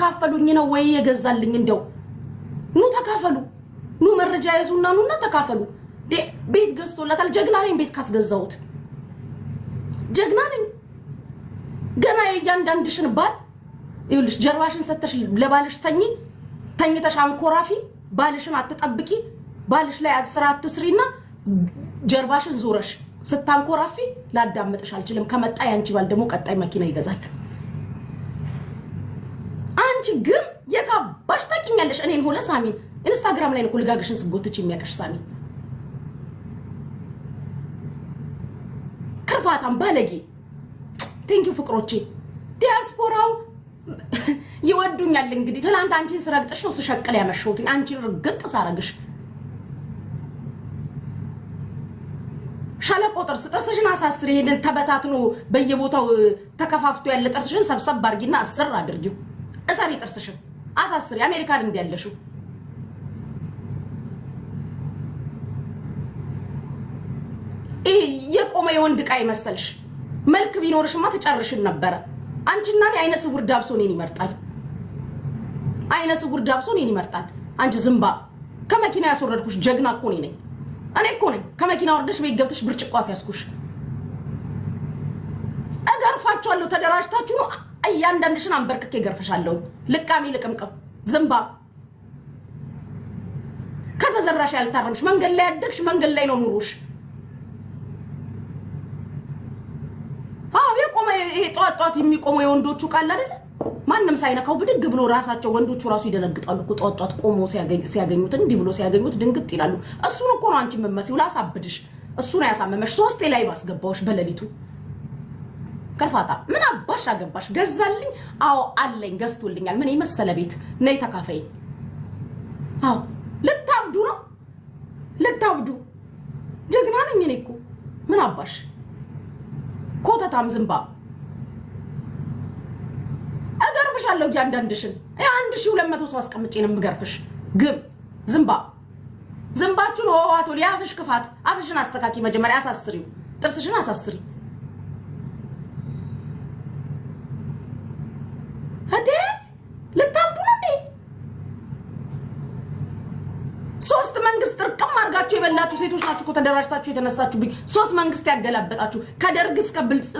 ልትካፈሉኝ ነው ወይ የገዛልኝ? እንደው ኑ ተካፈሉ፣ ኑ መረጃ ያዙና ኑና ተካፈሉ። ቤት ገዝቶላታል። ጀግና ነኝ፣ ቤት ካስገዛሁት ጀግና ነኝ። ገና የእያንዳንድሽን ባል ይኸውልሽ፣ ጀርባሽን ሰተሽ ለባልሽ ተኝ ተኝተሽ አንኮራፊ፣ ባልሽን አትጠብቂ፣ ባልሽ ላይ ስራ አትስሪና ጀርባሽን ዞረሽ ስታንኮራፊ ላዳመጥሽ አልችልም። ከመጣ ያንቺ ባል ደግሞ ቀጣይ መኪና ይገዛል። አንቺ ግን የታባሽ ታውቂኛለሽ። እኔን ሆነ ሳሚን ኢንስታግራም ላይ ነው ልጋግሽን ስጎትች የሚያቀሽ ሳሚ ክርፋታም ባለጌ። ቴንኪው ፍቅሮቼ። ዲያስፖራው ይወዱኛል እንግዲህ። ትናንት አንቺን ስረግጥሽ ነው ስሸቅል ያመሸሁትኝ። አንቺን ርግጥ ሳረግሽ ሸለቆ ጥርስ ጥርስሽን አሳስር። ይሄንን ተበታትኖ በየቦታው ተከፋፍቶ ያለ ጥርስሽን ሰብሰብ አድርጊና አስር አድርጊው። እሰሪ ጥርስሽን አሳስሪ። የአሜሪካ ድንድ ያለሽው የቆመ የወንድ ዕቃ ይመሰልሽ? መልክ ቢኖርሽማ ትጨርሽን ነበረ። አንቺና አይነ ስውር ዳብሶ እኔን ይመርጣል። አይነ ስውር ዳብሶ እኔን ይመርጣል። አንቺ ዝምባ ከመኪና ያስወረድኩሽ ጀግና እኮ እኔ ነኝ። እኔ እኮ ነኝ ከመኪና ወርደሽ ቤት ገብተሽ ብርጭቋ ያስኩሽ። እገርፋችኋለሁ። ተደራጅታችሁ ነው እያንዳንድሽን አንበርክኬ ገርፈሻለሁ። ልቃሚ ልቅምቅም ዝምባ ከተዘራሽ ያልታረምሽ መንገድ ላይ ያደግሽ መንገድ ላይ ነው ኑሮሽ። አዎ የቆመ ይሄ ጠዋት ጠዋት የሚቆመው የወንዶቹ ቃል አይደለ? ማንም ሳይነካው ብድግ ብሎ ራሳቸው ወንዶቹ ራሱ ይደነግጣሉ እኮ ጠዋት ጠዋት ቆሞ ሲያገኙት፣ እንዲህ ብሎ ሲያገኙት ድንግጥ ይላሉ። እሱን እኮ ነው አንቺ የምትመሲው። ላሳብድሽ፣ እሱን ያሳመመሽ። ሶስቴ ላይ ባስገባዎች በሌሊቱ ከርፋታ ምን አባሽ አገባሽ? ገዛልኝ። አዎ አለኝ፣ ገዝቶልኛል። ምን የመሰለ ቤት ነይ ተካፈይ። አዎ ልታብዱ ነው ልታብዱ። ጀግና ነኝ እኔ እኮ ምን አባሽ ኮተታም ዝምባ እገርፍሻለሁ። እያንዳንድሽን አንድ ሺ ሁለት መቶ ሰው አስቀምጬ ነው የምገርፍሽ። ግብ ዝምባ ዝምባችሁን ሆዋቶ ሊያፍሽ ክፋት አፍሽን አስተካኪ መጀመሪያ አሳስሪው፣ ጥርስሽን አሳስሪ የበላችሁ ሴቶች ናችሁ እኮ ተደራጅታችሁ የተነሳችሁብኝ። ሶስት መንግስት ያገላበጣችሁ ከደርግ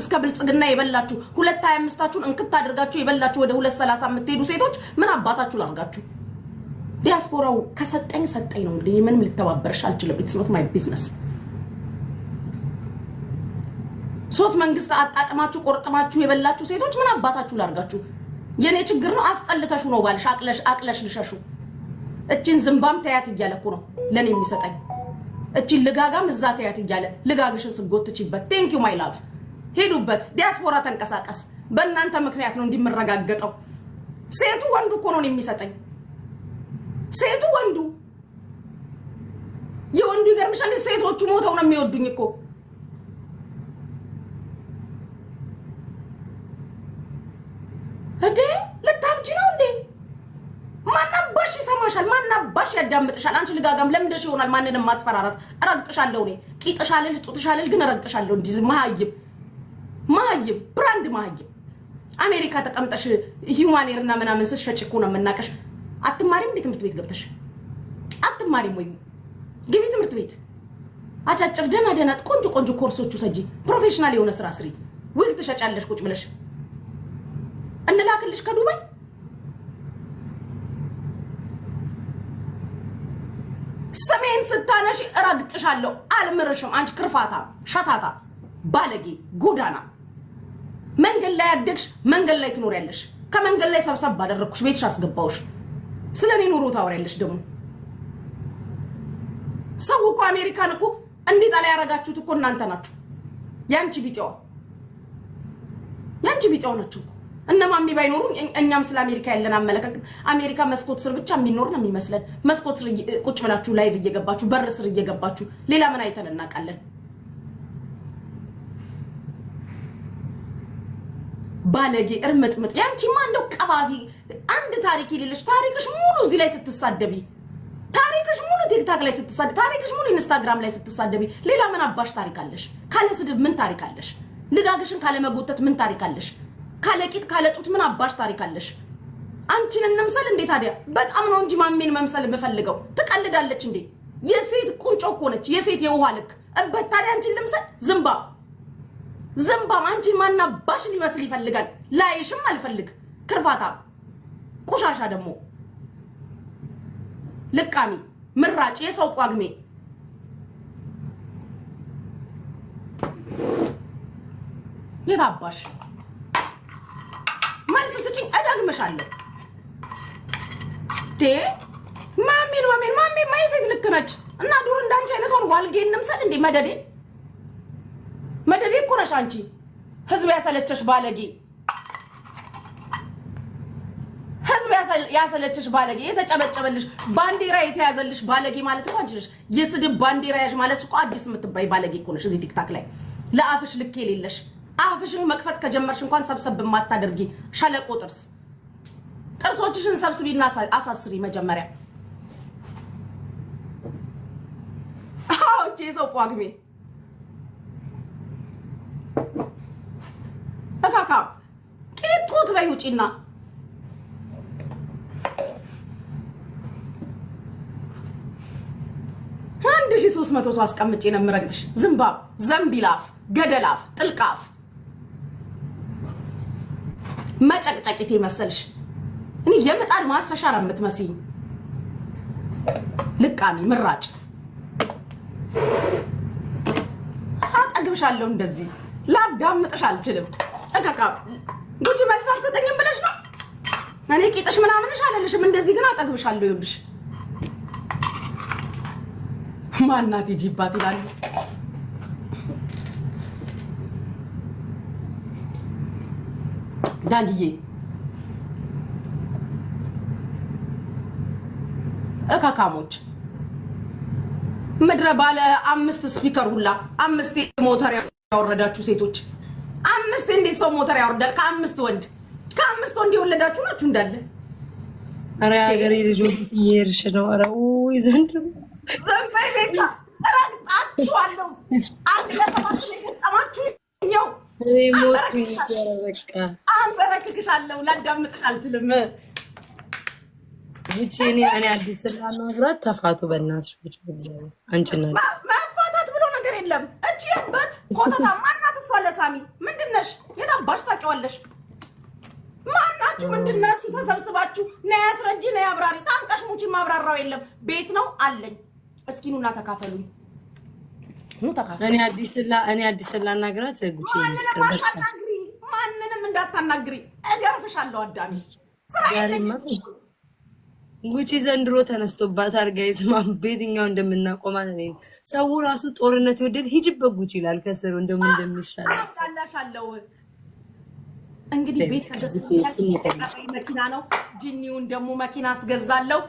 እስከ ብልጽግና የበላችሁ ሁለት ሀያ አምስታችሁን እንክት አድርጋችሁ የበላችሁ ወደ ሁለት ሰላሳ የምትሄዱ ሴቶች ምን አባታችሁ ላርጋችሁ? ዲያስፖራው ከሰጠኝ ሰጠኝ ነው እንግዲህ ምንም ልተባበርሽ አልችልም። ኢትስ ኖት ማይ ቢዝነስ። ሶስት መንግስት አጣጥማችሁ ቆርጥማችሁ የበላችሁ ሴቶች ምን አባታችሁ ላርጋችሁ? የኔ ችግር ነው። አስጠልተሹ ነው ባልሽ አቅለሽ አቅለሽ ልሸሹ እችን ዝምባም ተያት እያለኩ ነው ለኔ የሚሰጠኝ እቺ ልጋጋም እዛ ተያት እያለ ልጋግሽን ስጎትችበት ቴንክ ዩ ማይ ላቭ ሄዱበት። ዲያስፖራ ተንቀሳቀስ። በእናንተ ምክንያት ነው እንዲመረጋገጠው። ሴቱ ወንዱ እኮ ነው የሚሰጠኝ። ሴቱ ወንዱ የወንዱ ይገርምሻል። ሴቶቹ ሞተው ነው የሚወዱኝ እኮ ያዳምጥሻል። አንቺ ልጋጋም ለምን ለምደሽ ይሆናል ማንንም ማስፈራራት። እረግጥሻለሁ እኔ ቂጥሻልል ጡጥሻልል፣ ግን እረግጥሻለሁ። እንዲህ መሀይም መሀይም ብራንድ መሀይም አሜሪካ ተቀምጠሽ ሂውማን ኤርና ምናምን ስትሸጪ እኮ ነው የምናቀሽ። አትማሪም እንዴ ትምህርት ቤት ገብተሽ አትማሪም ወይ? ግቢ ትምህርት ቤት አጫጭር ደህና ደህና ቆንጆ ቆንጆ ኮርሶቹ ሰጂ ፕሮፌሽናል የሆነ ስራ ስሪ። ዊግ ትሸጫለሽ ቁጭ ብለሽ እንላክልሽ ከዱባይ እኔን ስታነሺ እረግጥሻለሁ። አልምርሽም። አንቺ ክርፋታ፣ ሸታታ፣ ባለጌ፣ ጎዳና መንገድ ላይ ያደግሽ፣ መንገድ ላይ ትኖሪያለሽ። ከመንገድ ላይ ሰብሰብ ባደረግኩሽ ቤትሽ አስገባውሽ። ስለ እኔ ኑሮ ታወሪያለሽ። ደግሞ ሰው እኮ አሜሪካን እኮ እንዲጠላ ያደረጋችሁት እኮ እናንተ ናችሁ። ያንቺ ቢጤዋ ያንቺ ቢጤዋ ናቸው እኮ እነ ማሚ ባይኖሩ እኛም ስለ አሜሪካ ያለን አመለካከት አሜሪካ መስኮት ስር ብቻ የሚኖር ነው የሚመስለን። መስኮት ስር ቁጭ ብላችሁ ላይቭ እየገባችሁ በር ስር እየገባችሁ ሌላ ምን አይተን እናውቃለን? ባለጌ እርምጥምጥ። ያንቺማ እንደው ቀባቢ አንድ ታሪክ የሌለሽ ታሪክሽ ሙሉ እዚህ ላይ ስትሳደቢ፣ ታሪክሽ ሙሉ ቲክታክ ላይ ስትሳደቢ፣ ታሪክሽ ሙሉ ኢንስታግራም ላይ ስትሳደቢ፣ ሌላ ምን አባሽ ታሪክ አለሽ? ካለ ስድብ ምን ታሪክ አለሽ? ልጋግሽን ካለመጎተት ምን ታሪክ አለሽ? ካለቂጥ ካለጡት ምን አባሽ ታሪክ አለሽ? አንቺን እንምሰል እንዴ? ታዲያ በጣም ነው እንጂ ማሜን መምሰል የምፈልገው። ትቀልዳለች እንዴ? የሴት ቁንጮ እኮ ነች፣ የሴት የውሃ ልክ እበት። ታዲያ አንቺን ልምሰል? ዝምባ ዝምባ፣ አንቺን ማን አባሽ ሊመስል ይፈልጋል? ላይሽም አልፈልግ። ክርፋታ፣ ቆሻሻ፣ ደግሞ ልቃሚ፣ ምራጭ፣ የሰው ጳጉሜ የታባሽ መልስ ስጭኝ። እደግምሻለሁ። ማሜን ማሜን ማሜ ማየሴት ልክ ነች። እና ዱር እንዳንቺ አይነት አይነቷን ዋልጌ እንምሰል እንዴ? መደዴ መደዴ እኮ ነሽ አንቺ። ህዝብ ያሰለቸሽ ባለጌ፣ ህዝብ ያሰለቸሽ ባለጌ፣ የተጨበጨበልሽ ባንዲራ የተያዘልሽ ባለጌ ማለት እኮ አንቺ ነሽ። የስድብ ባንዲራ ያዥ ማለት እኮ አዲስ የምትባይ ባለጌ እኮ ነሽ። እዚህ ቲክታክ ላይ ለአፍሽ ልክ የሌለሽ አፍሽን መክፈት ከጀመርሽ እንኳን ሰብሰብ ማታደርጊ ሸለቆ ጥርስ ጥርሶችሽን ሰብስቢና አሳስሪ መጀመሪያ። አዎቼ የሰው ጳጉሜ እካካ ቂጡት በይ ውጪና አንድ ሺህ ሦስት መቶ ሰው አስቀምጬ ነው የምረግጥሽ። ዝምባብ ዘንቢላፍ ገደላፍ ጥልቃፍ መጨቅጨቂት መሰልሽ። እኔ የምጣድ ማሰሻ ነው የምትመስይኝ። ልቃሚ ምራጭ አጠግብሻለሁ። እንደዚህ ላዳምጥሽ አልችልም። ጠቃቃ ጉጂ መልስ አልሰጠኝም ብለሽ ነው። እኔ ቂጥሽ ምናምንሽ አለልሽም። እንደዚህ ግን አጠግብሻለሁ። ይኸውልሽ ማናት ጂባት ይላለ? ዳግዬ እካካሞች ምድረ ባለ አምስት ስፒከር ሁላ አምስት ሞተር ያወረዳችሁ ሴቶች፣ አምስት እንዴት ሰው ሞተር ያወርዳል? ከአምስት ወንድ ከአምስት ወንድ የወለዳችሁ ናችሁ እንዳለ። ኧረ ሀገሬ ልጆች እየሄድሽ ነው። ኧረ ውይ ዘንድሮ ዘንበይ ቤታ አንድ ለሰባት የገጠማችሁ ኛው አደርግሻለሁ። ላዳምጥህ አልችልም። ውጪ እኔ እኔ አዲስ ለማግራት ተፋቱ። በእናትሽ ብቻ አንቺና መፋታት ብሎ ነገር የለም። እቺ ያበት ቆጣታ ማናት? እሷ ለሳሚ ምንድን ነሽ? የታባሽ ታውቂዋለሽ? ማናችሁ? ምንድን ናችሁ? ተሰብስባችሁ ነይ አስረጂ፣ ነይ አብራሪ። ታንቀሽ ሙቺ ማብራራው የለም። ቤት ነው አለኝ። እስኪ ኑና ተካፈሉኝ። እኔ አዲስ እኔ አዲስ ላናግራት ጉቺ ነው እንዳታናግሪ እገርፍሻለሁ። አዳሚ ጉቺ ዘንድሮ ተነስቶባት አድርጋ ስማ፣ በየትኛው እንደምናቆማት ሰው ራሱ ጦርነት ይወደድ ሂጅበት ጉቺ ይላል። ከስሩ እንደምን እንደሚሻልላሻለው እንግዲህ ቤት መኪና ነው። ጅኒውን ደግሞ መኪና አስገዛለሁ።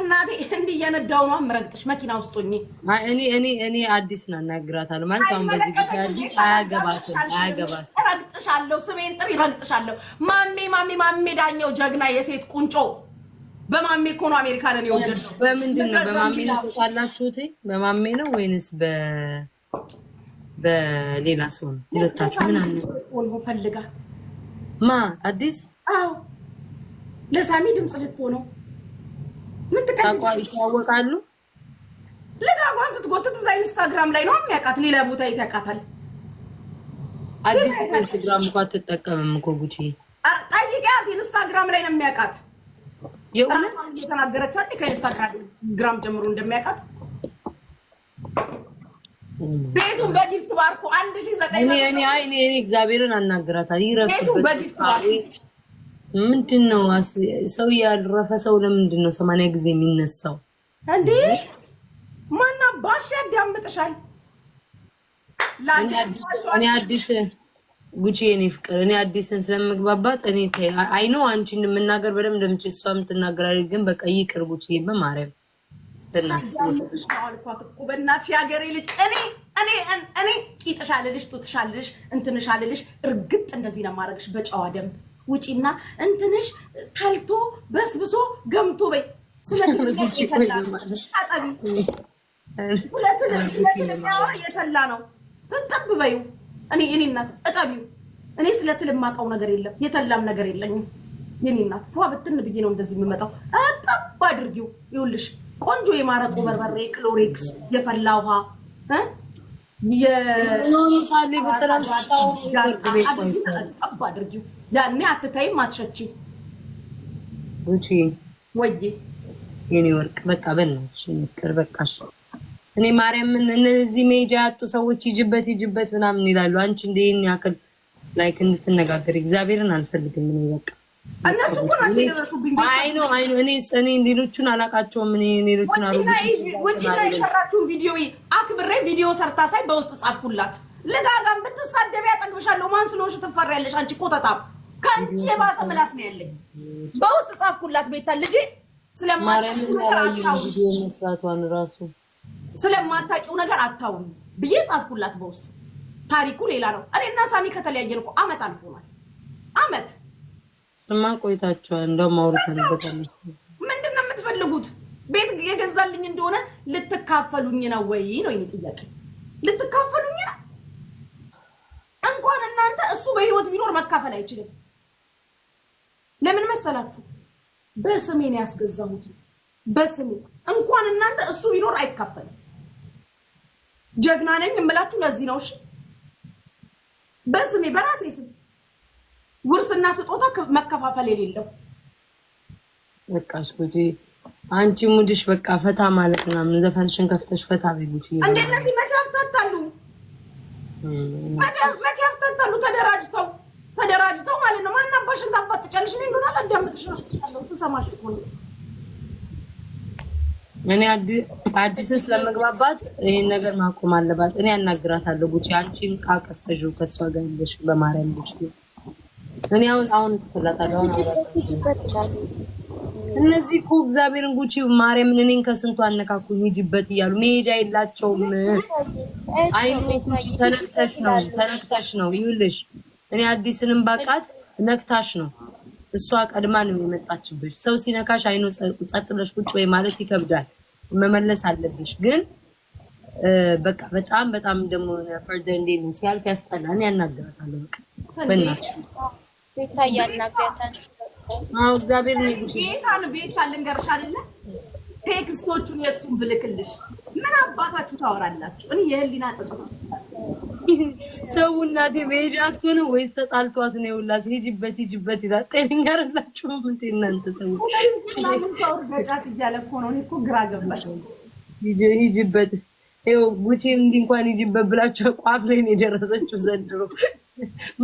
እናቴ እንዲህ እየነዳው ነው የምረግጥሽ መኪና ውስጥ ሆኜ። እኔ እኔ እኔ አዲስ ናናግራታለሁ ማለት አሁን በዚህ ጊዜ አዲስ አያገባትም አያገባትም ረግጥሻለሁ፣ ስሜን ጥሪ ረግጥሻለሁ። ማሜ ማሜ ማሜ ዳኘው ጀግና የሴት ቁንጮ በማሜ እኮ ነው አሜሪካንን የወደድሽው። በምንድን ነው በማሜ ነው ተሳላችሁት? በማሜ ነው ወይንስ በ በሌላ ሰው ነው? ሁለታችሁ ምን አለ ወልቦ ፈልጋ ማ አዲስ አዎ፣ ለሳሚ ድምፅ ልትሆን ምን ተቀምጣ ይታወቃሉ። ለጋጓን ስትጎትት እዛ ኢንስታግራም ላይ ነው የሚያውቃት። ሌላ ቦታ ይታውቃታል። አዲስ ኢንስታግራም እኮ አትጠቀምም እኮ ጉቺ። ጠይቂያት፣ ኢንስታግራም ላይ ነው የሚያውቃት። የእውነት የተናገረች አንዴ ከኢንስታግራም ጀምሮ እንደሚያውቃት ቤቱን በጊፍት ባርኩ አንድ ሺህ ዘጠኝ እኔ እኔ እግዚአብሔርን አናግራታል። ይረፍበት ምንድን ነው ሰው ያረፈ ሰው ለምንድን ነው ሰማንያ ጊዜ የሚነሳው እንዴ? ማና ባሽ ያዳምጥሻል እኔ አዲስ ጉቺ የኔ ፍቅር እኔ አዲስን ስለምግባባት እኔ አይኖ አንቺ እንደምናገር በደንብ እንደምች እሷ የምትናገራለች፣ ግን በቃ ይቅር ጉቺ በማርያም በእናትሽ የሀገሬ ልጅ እኔ እኔ እኔ ቂጥሽ አልልሽ ጡትሽ አልልሽ እንትንሽ አልልሽ። እርግጥ እንደዚህ ነው የማደርግሽ በጨዋ ደንብ ውጪና እንትንሽ ተልቶ በስብሶ ገምቶ በይ ስለትልሽ የተላ ነው ትንጠብ በይው። እኔ የኔ እናት እጠቢው። እኔ ስለ ትል የማውቀው ነገር የለም የተላም ነገር የለኝም። የኔ እናት ፏ ብትን ብዬ ነው እንደዚህ የምመጣው። እጠብ አድርጊው። ይኸውልሽ ቆንጆ የማረቆ በርበሬ፣ ክሎሬክስ፣ የፈላ ውሃ ጠብ አድርጊው። ያኔ አትታይም አትሸቺ ወይ የኔ ወርቅ በቃ በል ነው ቅር በቃ እኔ ማርያምን እነዚህ ሜጃ ያጡ ሰዎች ይጅበት ይጅበት ምናምን ይላሉ። አንቺ እንደ ይህን ያክል ላይክ እንድትነጋገር እግዚአብሔርን አልፈልግም። እኔ በቃ እነሱ እኮ ናቸው እኔ እኔ ሌሎቹን አላውቃቸውም። እኔ ሌሎቹን አሮች ላይ የሰራችሁን ቪዲዮ አክብሬ ቪዲዮ ሰርታ ሳይ በውስጥ ጻፍኩላት። ልጋጋም ብትሳደቢ ያጠግብሻለሁ። ማን ስለሆንሽ ትፈሪያለሽ? አንቺ ኮተታም ከአንቺ የባሰ ምላስ ነው ያለኝ። በውስጥ ጻፍኩላት። ቤታ ልጄ ስለማርያምን ያላየሁ ቪዲዮ መስራቷን ራሱ ስለማታውቂው ነገር አታውሪ ብዬ ጻፍኩላት በውስጥ። ታሪኩ ሌላ ነው። እኔ እና ሳሚ ከተለያየን እኮ አመት አልፎናል። አመት እማ ቆይታችኋል። እንደውም አውርተንበታል። ምንድን ነው የምትፈልጉት? ቤት የገዛልኝ እንደሆነ ልትካፈሉኝ ነው ወይ ነው የኔ ጥያቄ። ልትካፈሉኝ ነው? እንኳን እናንተ እሱ በህይወት ቢኖር መካፈል አይችልም። ለምን መሰላችሁ? በስሜ ነው ያስገዛሁት። በስሜ እንኳን እናንተ እሱ ቢኖር አይካፈልም። ጀግና ነኝ እምላችሁ ለዚህ ነው። እሺ በስሜ በራሴ ስም ውርስና ስጦታ መከፋፈል የሌለው በቃ እስኩቲ አንቺ ሙድሽ በቃ ፈታ ማለት ምናምን ዘፈንሽን ከፍተሽ ፈታ ቤጉሽ እንዴት ነው መቻፍታታሉ መቻፍታታሉ ተደራጅተው ተደራጅተው ማለት ነው። ማናባሽን ታፋጥጫለሽ እኔ እንደሆነ አላዳምጥሽ ነው ስሰማሽ ነው እኔ አዲስን ስለመግባባት ይህን ነገር ማቆም አለባት። እኔ ያናግራታለሁ። ጉቺ አንቺን ቃቀስተዥ ከሷ ጋር ያለሽ በማርያም ልጅ እኔ አሁን አሁን ትፈላታለሁ። እነዚህ እኮ እግዚአብሔርን ጉቺ ማርያምን እኔን ከስንቱ አነካኩኝ ሂጂበት እያሉ መሄጃ የላቸውም። ተነክተሽ ነው ተነክተሽ ነው ይኸውልሽ፣ እኔ አዲስንም ባቃት ነክታሽ ነው እሷ ቀድማ ነው የመጣችብሽ። ሰው ሲነካሽ አይኖ ጸጥ ብለሽ ቁጭ ወይ ማለት ይከብዳል። መመለስ አለብሽ። ግን በቃ በጣም በጣም ደግሞ ፈርደር እንዴ ነው ሲያልፍ ያስጠላን። ያናግራታል። በቃ በእናትሽ እግዚአብሔር ነው ይጉሽ። ቤታን ቤታ ልንገርሽ ቴክስቶቹን የእሱን ብልክልሽ ምን አባታችሁ ታወራላችሁ? እኔ የህሊና ጥቅም ሰው እናቴ በሄድ አክቶ ነው ወይስ ተጣልቷት ነው? ይኸውላችሁ ሂጂበት ሂጂበት ይላል። ጤነኛ አይደላችሁም እንዴ እናንተ ሰው? ገጫት እያለ እኮ ነው። ይኸው ጉቺ እንዲህ እንኳን ሂጂበት ብላችሁ ቋፍ ላይ ነው የደረሰችው። ዘንድሮ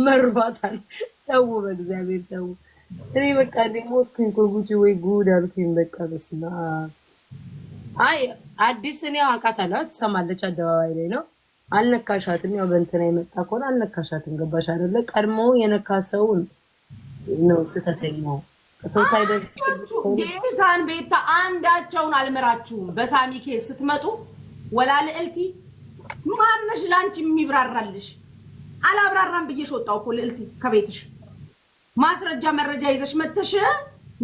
መሯታል። ተው በእግዚአብሔር ተው። እኔ በቃ ሞትኩኝ እኮ ጉቺ፣ ወይ ጉድ አልኩኝ። በቃ በስመ አብ። አይ አዲስ እኔ አውቃታለሁ፣ ትሰማለች። አደባባይ ላይ ነው አልነካሻትም። ያው በእንትና የመጣ ከሆነ አልነካሻትም። ገባሽ አይደለ? ቀድሞ የነካ ሰውን ነው ስህተተኛው። ሰው ሳይደርግታን ቤታ አንዳቸውን አልምራችሁም። በሳሚ ኬስ ስትመጡ ወላ ልዕልቲ ማነሽ ለአንቺ የሚብራራልሽ? አላብራራም ብዬሽ ወጣሁ እኮ ልዕልቲ ከቤትሽ ማስረጃ መረጃ ይዘሽ መተሽ ነው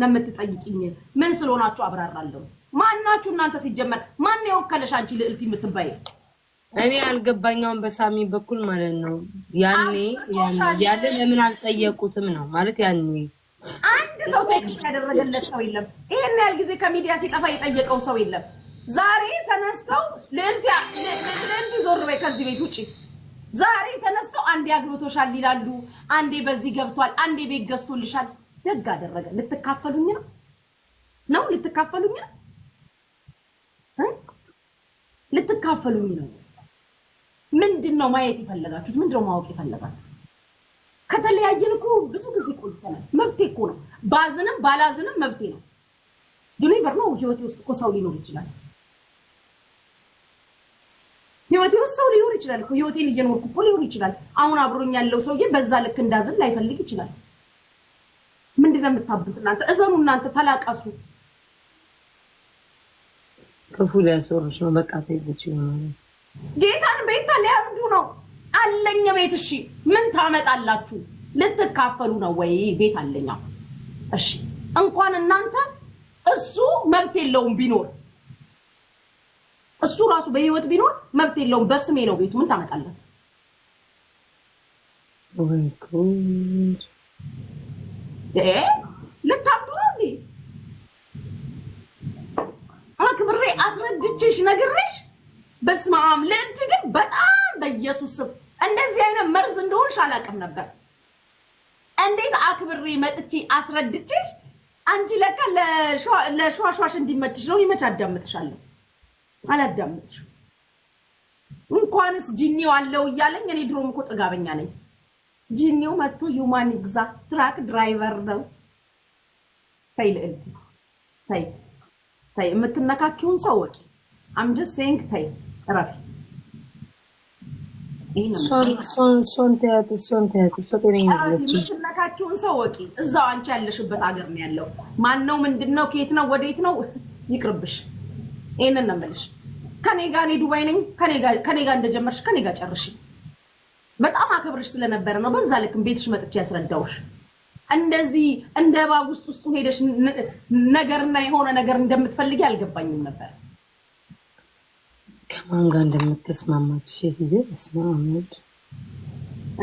የምትጠይቅኝ። ምን ስለሆናችሁ አብራራለሁ። ማናችሁ እናንተ? ሲጀመር ማን የወከለሽ አንቺ ልዕልቲ የምትባይ እኔ አልገባኛውን በሳሚ በኩል ማለት ነው። ያኔ ያለ ለምን አልጠየቁትም ነው ማለት ያኔ አንድ ሰው ቴክስት ያደረገለት ሰው የለም። ይሄን ያህል ጊዜ ከሚዲያ ሲጠፋ የጠየቀው ሰው የለም። ዛሬ ተነስተው ልዕልት ዞር በይ ከዚህ ቤት ውጪ። ዛሬ ተነስተው አንዴ አግብቶሻል ይላሉ፣ አንዴ በዚህ ገብቷል፣ አንዴ ቤት ገዝቶልሻል። ደግ አደረገ። ልትካፈሉኝ ነው ነው ልትካፈሉኝ ነው ልትካፈሉኝ ነው ምንድን ነው ማየት የፈለጋችሁት? ምንድን ነው ማወቅ የፈለጋችሁት? ከተለያየን እኮ ብዙ ጊዜ ቆይተናል። መብቴ እኮ ነው። ባዝንም ባላዝንም መብቴ ነው። ዩኒቨር ነው። ህይወቴ ውስጥ እኮ ሰው ሊኖር ይችላል። ህይወቴ ውስጥ ሰው ሊኖር ይችላል እኮ ህይወቴን እየኖርኩ እኮ ሊሆን ይችላል። አሁን አብሮኝ ያለው ሰውዬ በዛ ልክ እንዳዝን ላይፈልግ ይችላል። ምንድነው ነው እናንተ? እዘኑ እናንተ፣ ተላቀሱ። ክፉ ሊያስወርሽ ነው። በቃ ተይዘች ነው ጌታን ቤታ ሊያብዱ ነው አለኝ ቤት። እሺ ምን ታመጣላችሁ? ልትካፈሉ ነው ወይ? ቤት አለኛ። እሺ እንኳን እናንተ እሱ መብት የለውም ቢኖር እሱ ራሱ በህይወት ቢኖር መብት የለውም። በስሜ ነው ቤቱ። ምን ታመጣላችሁ? ልታብዱ ነው እንዴ? አክብሬ አስረድቼሽ ነግሬሽ በስመ አብ ልዕልት ግን በጣም በኢየሱስ ስም እንደዚህ አይነት መርዝ እንደሆንሽ አላውቅም ነበር። እንዴት አክብሬ መጥቼ አስረድቼሽ፣ አንቺ ለካ ለሸዋሸዋሽ እንዲመችሽ ነው። ይመች አዳምጥሻለሁ። አላዳምጥሽ እንኳንስ ጂኒው አለው እያለኝ እኔ ድሮም እኮ ጥጋበኛ ነኝ። ጂኒው መጥቶ ዩማን ግዛ ትራክ ድራይቨር ነው። ተይ ልዕልት፣ ተይ ተይ፣ የምትነካኪውን ሰው ወቂ። አምጀስት ሴንግ ተይ እረፊ። ሰው ወቂ። እዛው አንቺ ያለሽበት ሀገር ነው ያለው። ማነው? ምንድን ነው? ከየት ነው? ወዴት ነው? ይቅርብሽ። ይህንን ነው የምልሽ። ከኔ ጋር እኔ ዱባይ ነኝ። ከኔ ጋር እንደጀመርሽ ከኔ ጋር ጨርሽ። በጣም አከብርሽ ስለነበረ ነው በዛ ልክም ቤትሽ መጥቼ ያስረዳውሽ። እንደዚህ እንደ እባብ ውስጥ ውስጡ ሄደሽ ነገርና የሆነ ነገር እንደምትፈልጊ አልገባኝም ነበር። ከማን ጋር እንደምትስማማች ሴትዬ እስማ አመድ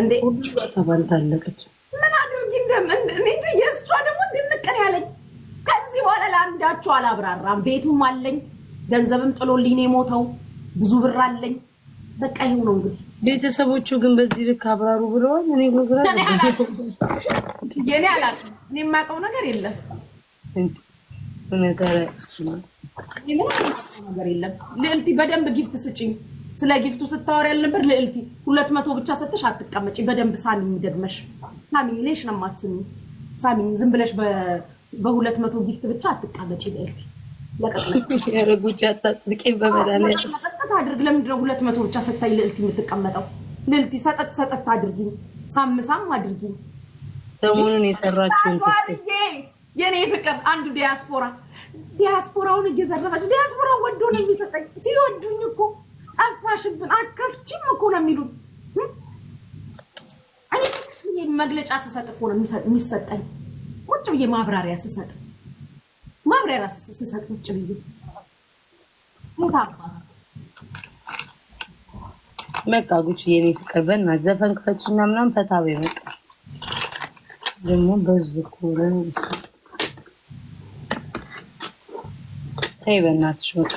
እንዴ ተባል ታለቀች። ምን አድርጊ እንደምንእንጂ የእሷ ደግሞ እንድንቅር ያለኝ ከዚህ በኋላ ለአንዳቸው አላብራራም። ቤቱም አለኝ ገንዘብም ጥሎልኝ ነው የሞተው። ብዙ ብር አለኝ። በቃ ይሁ ነው እንግዲህ። ቤተሰቦቹ ግን በዚህ ልክ አብራሩ ብለዋል። እኔ ግራ የኔ አላውቅም። እኔ የማውቀው ነገር የለም ነገር የለም። ልዕልቲ በደንብ ጊፍት ስጭኝ። ስለ ጊፍቱ ስታወሪ ያልነበር ልዕልቲ፣ ሁለት መቶ ብቻ ሰጥሽ አትቀመጭ በደንብ ሳሚኝ፣ ደግመሽ ሳሚኝ። ሌሽ ነው የማትስሚ ሳሚኝ። ዝም ብለሽ በሁለት መቶ ጊፍት ብቻ አትቀመጪ ልዕልቲ። ያረጉቻ አታስቂኝ። በመድኃኒዓለም አድርግ። ለምንድን ሁለት መቶ ብቻ ስታይ ልዕልቲ የምትቀመጠው? ልዕልቲ ሰጠት ሰጠት አድርጊኝ፣ ሳም ሳም አድርጊኝ። ሰሞኑን የሰራችሁን የኔ ፍቅር አንዱ ዲያስፖራ ዲያስፖራውን እየዘረፈች ዲያስፖራ ወዶ ነው የሚሰጠኝ። ሲወዱኝ እኮ ጠፋሽብን አከፍችም እኮ ነው የሚሉኝ። መግለጫ ስሰጥ እኮ ነው የሚሰጠኝ። ቁጭ ብዬ ማብራሪያ ስሰጥ ማብራሪያ ስሰጥ ቁጭ ብዬ ሞታ በቃ የኔ ፍቅር በእናትሽ ዘፈን ክፈችና ምናምን ፈታ በይ። በቃ ደግሞ በዙ ኮረ ነው ተይ በእናትሽ በቃ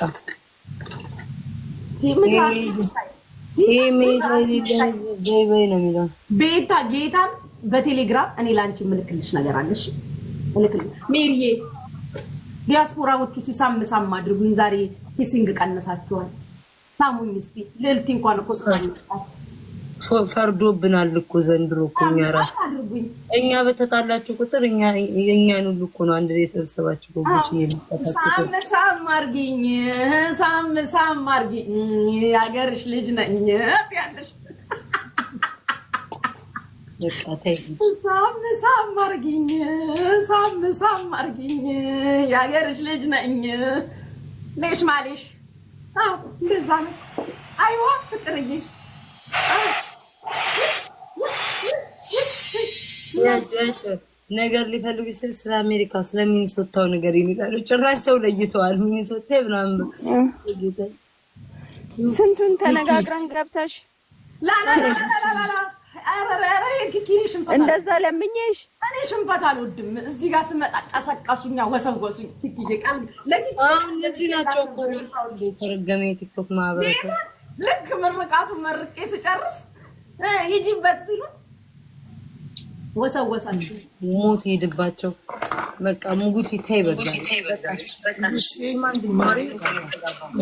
ቤታ ጌታን በቴሌግራም እኔ ለአንቺ ምልክልሽ ነገር አለሽ ሜሪዬ ዲያስፖራዎቹ ሲሳም ሳም አድርጉኝ። ዛሬ ኪሲንግ ቀነሳችኋል። ሳሙኝ እስኪ ልዕልቲ እንኳን እኮ ፈርዶብናል እኮ ዘንድሮ እኮ እኛ በተጣላችሁ ቁጥር እኛን ሁሉ እኮ ነው አንድ ላይ የሰበሰባችሁ። ጎቦች ሳም አድርጊኝ፣ ሳም ሳም አድርጊኝ፣ የሀገርሽ ልጅ ነኝ ያለሽ ሳም ሳም አድርጊኝ፣ ሳም ሳም አድርጊኝ፣ የሀገርሽ ልጅ ነኝ ሌሽ ማሌሽ እንደዛ ነው። አይዋ ፍቅርዬ ነገር ሊፈልጉ ስል ስለ አሜሪካ ስለ ሚኒሶታው ነገር ይላሉ። ጭራሽ ሰው ለይተዋል። ሚኒሶታ ምናምን ስንቱን ተነጋግረን ገብተሽ እንደዛ ለምኝሽ እኔ ሽንፈት አልወድም። እዚህ ጋር ስመጣ ቀሰቀሱኛ፣ ወሰወሱኝ። እነዚህ ናቸው የተረገመ የቲክቶክ ማህበረሰብ ልክ ምርቃቱ መርቄ ስጨርስ ይጂበት ሲሉ ወሰወሳል ሞት ሄድባቸው። በቃ ሙጉት ይታይ በቃ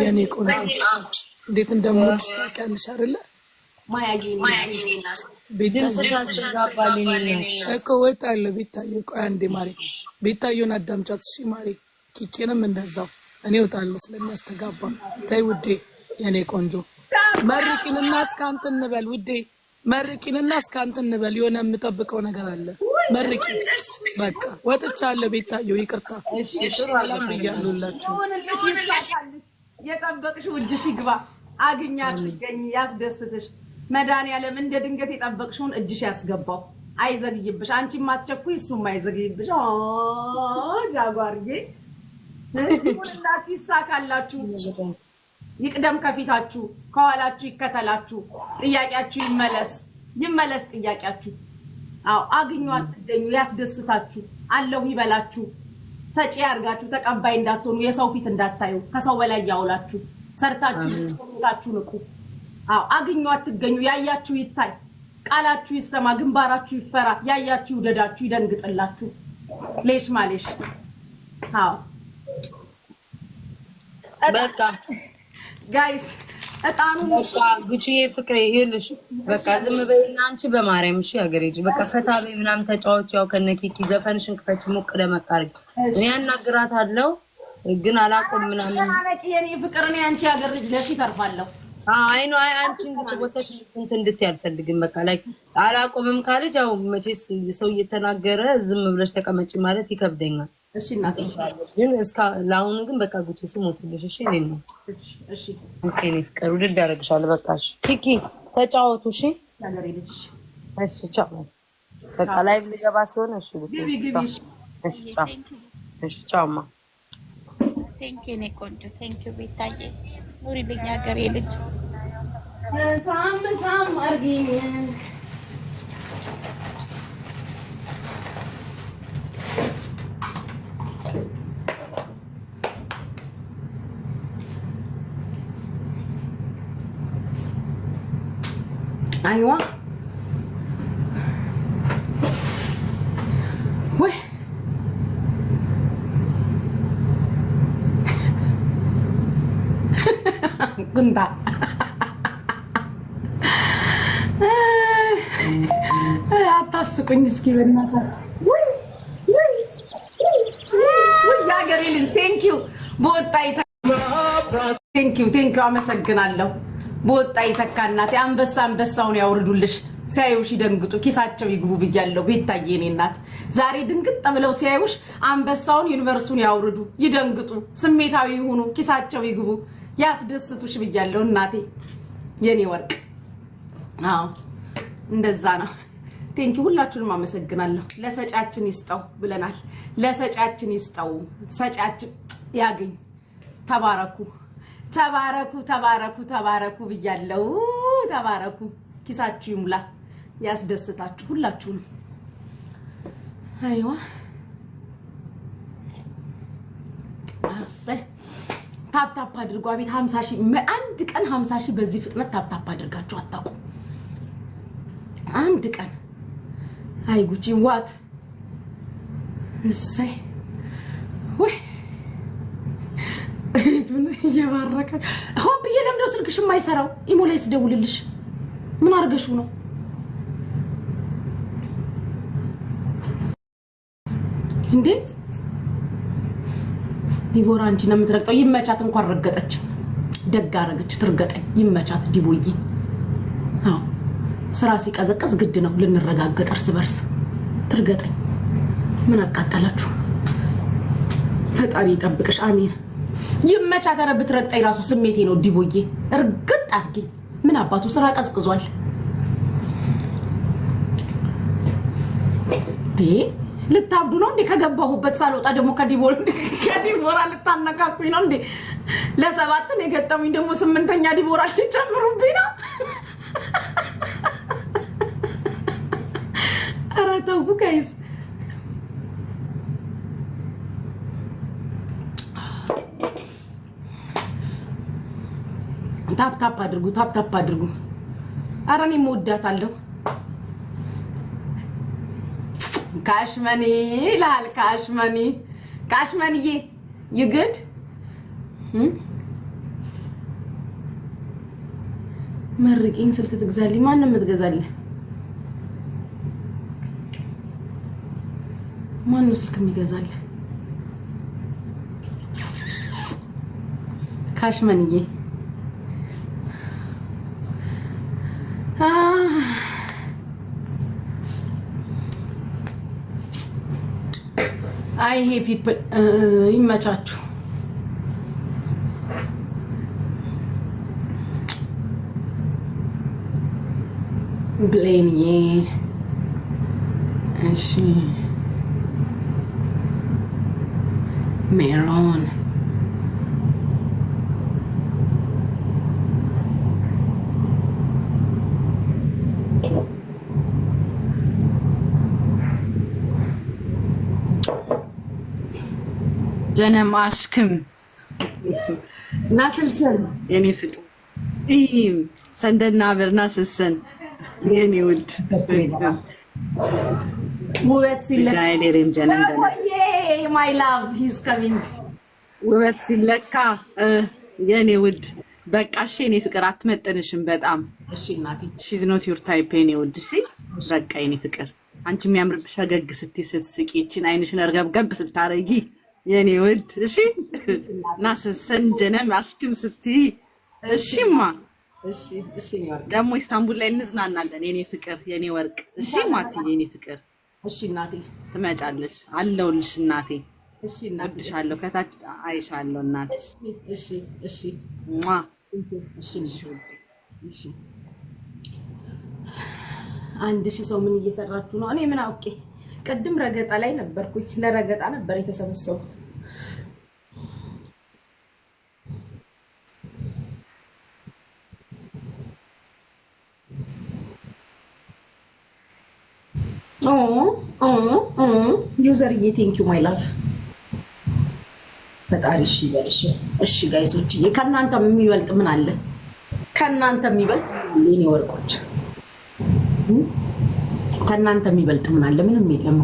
የኔ ቆንጆ እንዴት እንደሞት ታውቂያለሽ አይደለ? እኮ ወጣለሁ። ቤታዮ ቆይ አንዴ ማሪ ቤታዮን አዳምጫት እሺ ማሪ። ኪኬንም እንደዛው እኔ እወጣለሁ ስለሚያስተጋባ። ተይ ውዴ የኔ ቆንጆ መርቂንና እስከ አንተ እንበል ውዴ መርቂንና እስከ አንተ እንበል። የሆነ የምጠብቀው ነገር አለ። መርቂ በቃ ወጥቻለሁ። ቤታየው ይቅርታ፣ ሰላም ብያለሁላችሁ። የጠበቅሽው እጅሽ ይግባ፣ አግኛት ገኝ ያስደስትሽ። መድኃኒዓለም እንደ ድንገት የጠበቅሽውን እጅሽ ያስገባው፣ አይዘግይብሽ። አንቺ ማትቸኩይ፣ እሱም አይዘግይብሽ። ጃጓርዬ ሁላችሁ ይሳካላችሁ። ይቅደም ከፊታችሁ፣ ከኋላችሁ ይከተላችሁ። ጥያቄያችሁ ይመለስ ይመለስ ጥያቄያችሁ። አዎ አግኙ፣ አትደኙ፣ ያስደስታችሁ፣ አለሁ ይበላችሁ፣ ሰጪ ያርጋችሁ፣ ተቀባይ እንዳትሆኑ፣ የሰው ፊት እንዳታዩ፣ ከሰው በላይ ያውላችሁ፣ ሰርታችሁ ታችሁ ንቁ። አዎ አግኙ፣ አትገኙ፣ ያያችሁ ይታይ፣ ቃላችሁ ይሰማ፣ ግንባራችሁ ይፈራ፣ ያያችሁ ይውደዳችሁ፣ ይደንግጥላችሁ። ሌሽ ማሌሽ አዎ በቃ ጋይስ እጣኑ ጉቺዬ ፍቅሬ ይኸውልሽ፣ በቃ ዝም በይና አንቺ በማርያም እሺ፣ ሀገሬ ልጅ በቃ ፈታ በይ ምናምን ተጫወች። ያው ከነኬኪ ዘፈንሽን ክፈች ሞቅ ደመቅ አድርጊ። እኔ ያናግራታለሁ ግን አላውቅም ምናምን የኔ ፍቅር። እኔ አንቺ ሀገር ልጅ ነሽ ይተርፋለሁ። አይ አይ አንቺ እንድትወተሽ እንትን እንድትይ አልፈልግም። በቃ ላይ አላቆምም ካለች ያው መቼስ ሰው እየተናገረ ዝም ብለሽ ተቀመጪ ማለት ይከብደኛል። እሺ እናቴ ግን እስካ ለአሁኑ ግን በቃ ጉቺ ስሞትልሽ። እሺ እኔ ነው እሺ እኔ ፍቅር ውድድ ያደርግሻል። በቃ እሺ ኪኪ ተጫወቱ። እሺ እሺ ቻው። በቃ ላይቭ ልገባ ሲሆን እሺ ጉቺ እሺ ቻው እሺ ቻው። ማ ቴንክ ዩ ቆንጆ ቴንክ ዩ ቤታዬ። ኑሪልኝ ሀገሬ ልጅ ሳም ሳም አርጊኝ አይዋ ወይ ጉንታ አታስቁኝ እስኪ በእናታችሁ። የሀገሬ ልጅ ቴንኪው በወጣ ቴንኪው ቴንኪው አመሰግናለሁ። በወጣ ይተካ እናቴ። አንበሳ አንበሳውን ያውርዱልሽ፣ ሲያዩሽ ይደንግጡ፣ ኪሳቸው ይግቡ ብያለሁ። ቤታዬ የኔ እናት ዛሬ ድንግጥ ብለው ሲያዩሽ አንበሳውን ዩኒቨርሱን ያውርዱ፣ ይደንግጡ፣ ስሜታዊ ይሁኑ፣ ኪሳቸው ይግቡ፣ ያስደስቱሽ ብያለሁ እናቴ የኔ ወርቅ። አዎ እንደዛ ነው። ቴንኪ ሁላችሁንም አመሰግናለሁ። ለሰጫችን ይስጠው ብለናል። ለሰጫችን ይስጠው፣ ሰጫችን ያገኝ። ተባረኩ። ተባረኩ ተባረኩ ተባረኩ ብያለሁ። ተባረኩ፣ ኪሳችሁ ይሙላ፣ ያስደስታችሁ ሁላችሁም። አይዋ አሰ ታፕታፕ አድርጓ አቤት 50 ሺህ አንድ ቀን 50 ሺህ በዚህ ፍጥነት ታፕታፕ አድርጋችሁ አታውቁም። አንድ ቀን አይ ጉቺ ዋት እሰይ ወይ ሴቱን እየባረከ ሆን ብዬ ለምደው ስልክሽ የማይሰራው ኢሞ ላይ ስደውልልሽ ምን አርገሹ ነው? እንዴ ዲቦራ አንቺ ነው የምትረግጠው። ይመቻት፣ እንኳን ረገጠች። ደግ አረገች። ትርገጠኝ፣ ይመቻት ዲቦዬ። አዎ ስራ ሲቀዘቀዝ ግድ ነው ልንረጋገጥ እርስ በርስ። ትርገጠኝ፣ ምን አቃጠላችሁ? ፈጣሪ ይጠብቅሽ። አሚን ይመቻት። ኧረ ብትረግጠኝ ራሱ ስሜቴ ነው። ዲቦዬ እርግጥ አድርጊ። ምን አባቱ ስራ ቀዝቅዟል። ልታብዱ ነው እንዴ? ከገባሁበት ሳልወጣ ደግሞ ከዲቦራ ልታነካኩኝ ነው እንዴ? ለሰባትን የገጠሙኝ ደግሞ ስምንተኛ ዲቦራ ሊጨምሩብኝ ነው። ኧረ ተው ጋይስ ታፕታፕ ታፕ አድርጉ፣ ታፕ ታፕ አድርጉ። ኧረ እኔ እወዳታለሁ። ካሽመኒ ይልሃል። ካሽመኒ ካሽመንዬ፣ ዩ ጉድ መርቂኝ። ስልክ ትግዛልኝ? ማንም የምትገዛልህ ማነው? ስልክ የሚገዛልህ? ካሽመንዬ I hear people uh, immature. Blame ye and she Maron. ጀነም አሽክም ናስልሰን የኔ ፍጥ ይም ሰንደና ብር ናስልሰን የኔ ውድ ውበት ሲለካ የኔ ውድ በቃ እሺ፣ የኔ ፍቅር አትመጥንሽም በጣም ሺዝ ኖት ዩር ታይፕ የኔ ውድ ሲ በቃ የኔ ፍቅር አንቺ የሚያምርብሽ ፈገግ ስትይ ስትስቂ ይችን አይንሽን እርገብገብ ስታረጊ የኔ ውድ እሺ፣ እና ሰንጀነም አሽክም ስትይ እሺማ፣ እሺ፣ ደግሞ ኢስታንቡል ላይ እንዝናናለን የኔ ፍቅር፣ የኔ ወርቅ። እሺ ማቲ፣ የኔ ፍቅር። እሺ እናቴ፣ ትመጫለሽ። አለሁልሽ እናቴ። እሺ እናቴ፣ እወድሻለሁ። ከታች አይሻለሁ እናቴ። እሺ፣ እሺ፣ እሺ። አንድ ሺህ ሰው ምን እየሰራችሁ ነው? እኔ ምን አውቄ ቅድም ረገጣ ላይ ነበርኩኝ። ለረገጣ ነበር የተሰበሰቡት። ዩዘርዬ ቴንኪው ማይ ላቭ ፈጣሪ እሺ ይበል። እሺ ጋይሶችዬ ከእናንተ የሚበልጥ ምን አለ? ከእናንተ የሚበልጥ ወርቆች ከእናንተ የሚበልጥ ምን ምንም የለም።